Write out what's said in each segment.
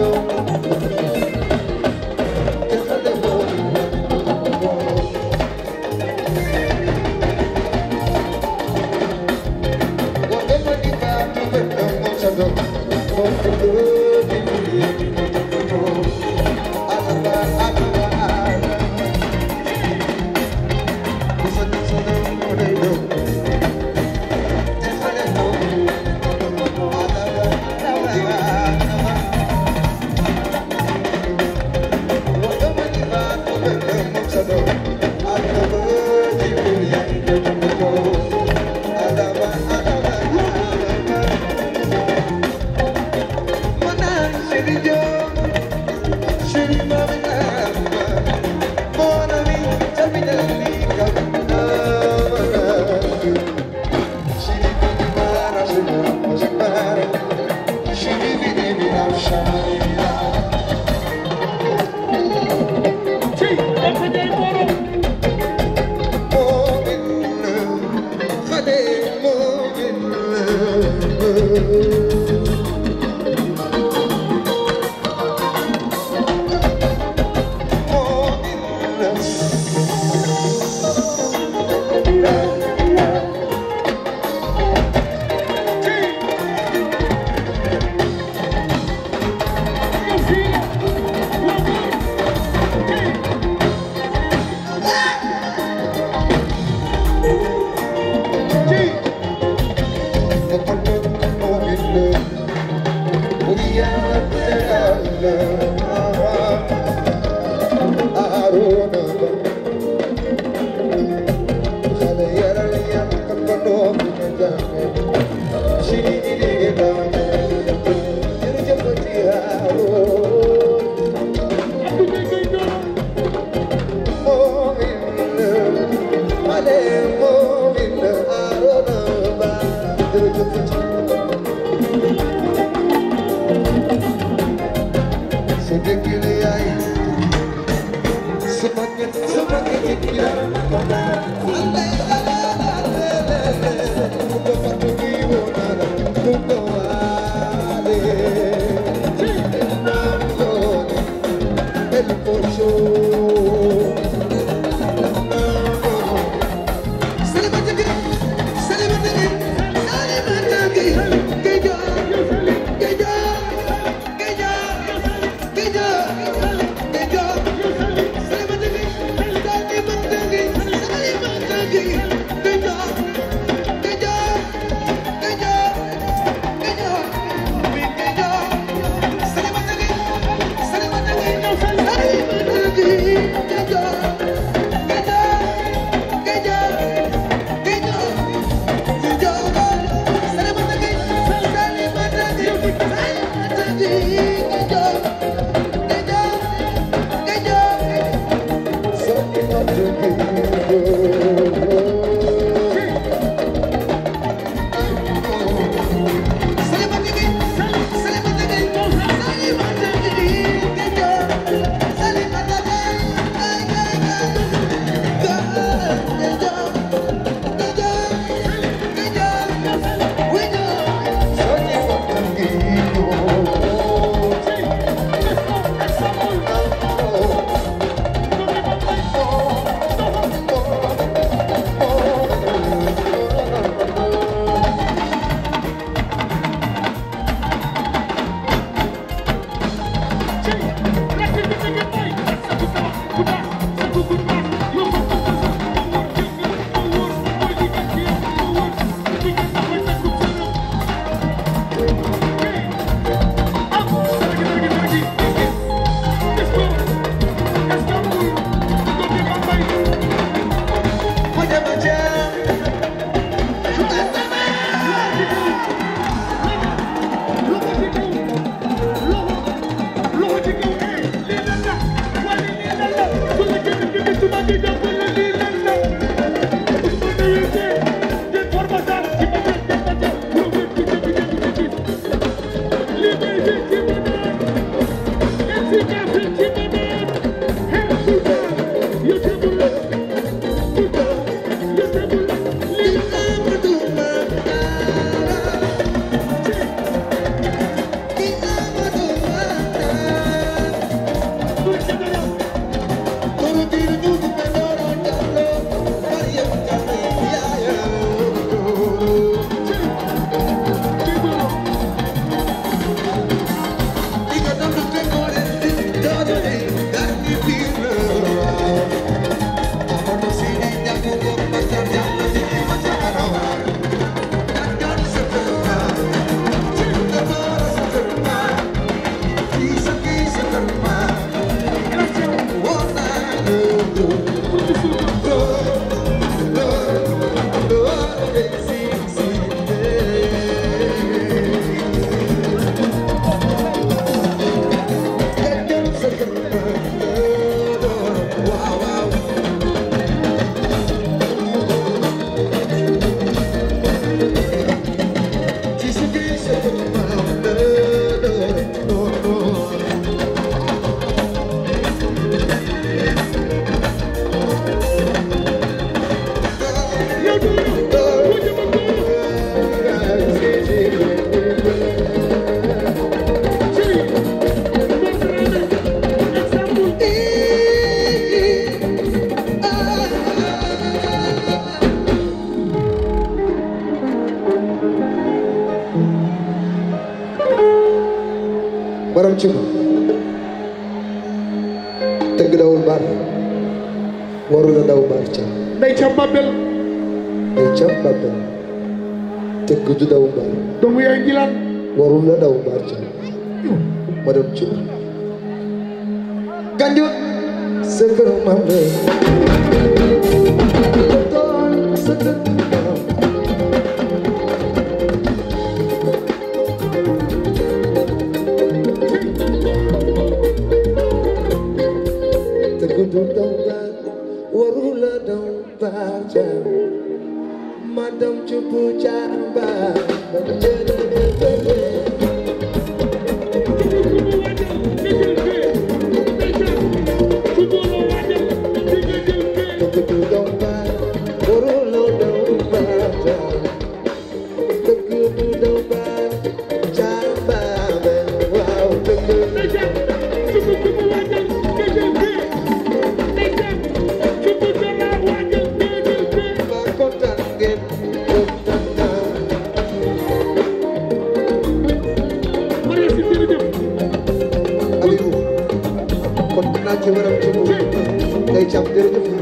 Thank you. Thank you. day ca Babel day ca Babel tëgg du daw mbaar doomu yaay ngilaan warul la daw mbaar ca madame Thior ganjot sa kër maam la Madam Chupu Chamba. ci waram ci moom day càmm jërëjëf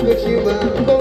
Good with you,